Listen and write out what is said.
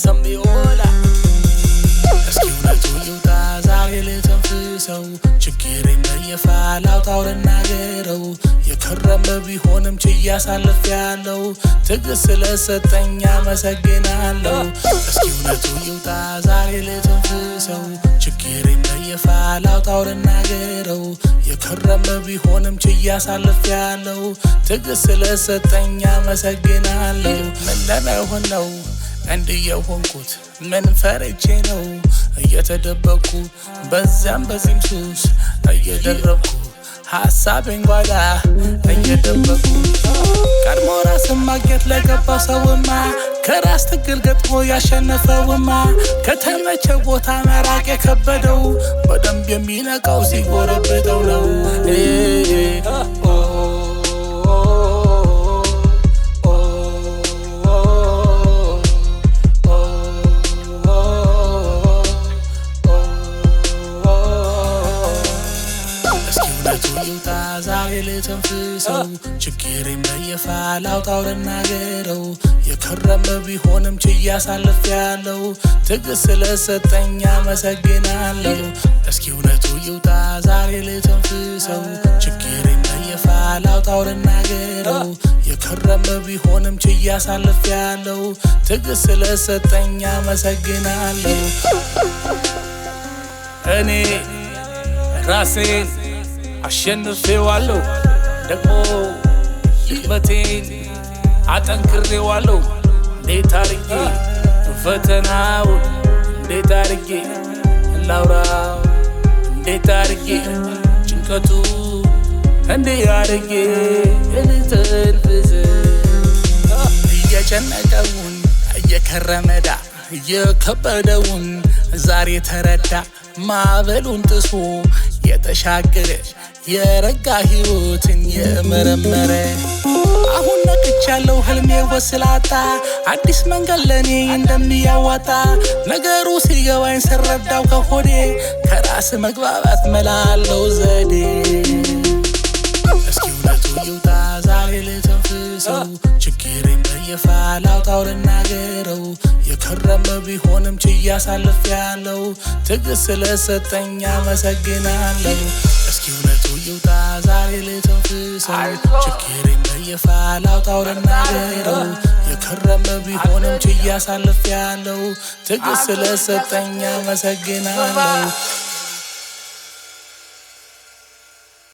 ሰሚሆና እስኪ እውነቱ ይውጣ ዛሬ ልተንፍሰው ቢሆንም ችዬ አሳልፌያለሁ ትዕግስት ስለሰጠኝ አመሰግናለሁ እስኪ እውነቱ ይውጣ ዛሬ ልተንፍሰው ችግሬ አላውጣው ልናገረው የከረመ ቢሆንም ችያ ሳልፍ ያለው ትዕግስት ስለሰጠኝ አመሰግናለሁ። ምን ለመሆን ነው እንዲህ የሆንኩት? ምን ፈርቼ ነው እየተደበቅኩ በዚያም በዚህም ሱስ እየደረብኩ ሀሳቤን ጓዳ እየደበቅኩ ማግኘት ለገባ ሰውማ ከራስ ትግል ገጥሞ ያሸነፈውማ ከተመቸ ቦታ መራቅ የከበደው በደንብ የሚነቃው ሲጎረብደው ነው። ከቤቱ ልውጣ ዛሬ ልተንፍሰው፣ ችግሬን በይፋ ላውጣው ልናገረው። የከረመ ቢሆንም ችዬ አሳልፌያለሁ፣ ትዕግስት ስለሰጠኝ አመሰግናለሁ። እስኪ እውነቱ ይውጣ ዛሬ ልተንፍሰው፣ ችግሬን በይፋ ላውጣው ልናገረው። የከረመ ቢሆንም ችዬ አሳልፌያለሁ፣ ትዕግስት ስለሰጠኝ አመሰግናለሁ። እኔ ራሴን አሸንፌዋለሁ ደግሞ ድክመቴን አጠንክሬዋለሁ። እንዴት አርጌ ፈተናው! እንዴት አርጌ እናውራው እንዴት አርጌ ጭንቀቱ እንዴ አርጌ እንተንፍዝ እየጨነቀውን እየከረመዳ እየከበደውን ዛሬ ተረዳ ማዕበሉን ጥሶ የተሻገረ የረጋ ህይወትን የመረመረ አሁን ነቅቻለሁ ህልሜ ወስላጣ አዲስ መንገድ ለኔ እንደሚያዋጣ ነገሩ ሲገባኝ ስረዳው ከሆዴ ከራስ መግባባት መላለው ዘዴ እስኪ እውነቱ ይውጣ ዛሬ ልተንፍሰው ችግሬን በይፋ ላውጣው ልናገረው የከረመ ቢሆንም ችያ ሳልፍ ያለው ትዕግስት ስለሰጠኝ አመሰግናለሁ ይውጣ ዛሬ ልተንፍሰው ችግሬን በይፋ ላውጣው ልናገረው የከረመ ቢሆንም ችዬ አሳልፍ ያለው ትዕግስት ስለሰጠኝ አመሰግናለሁ።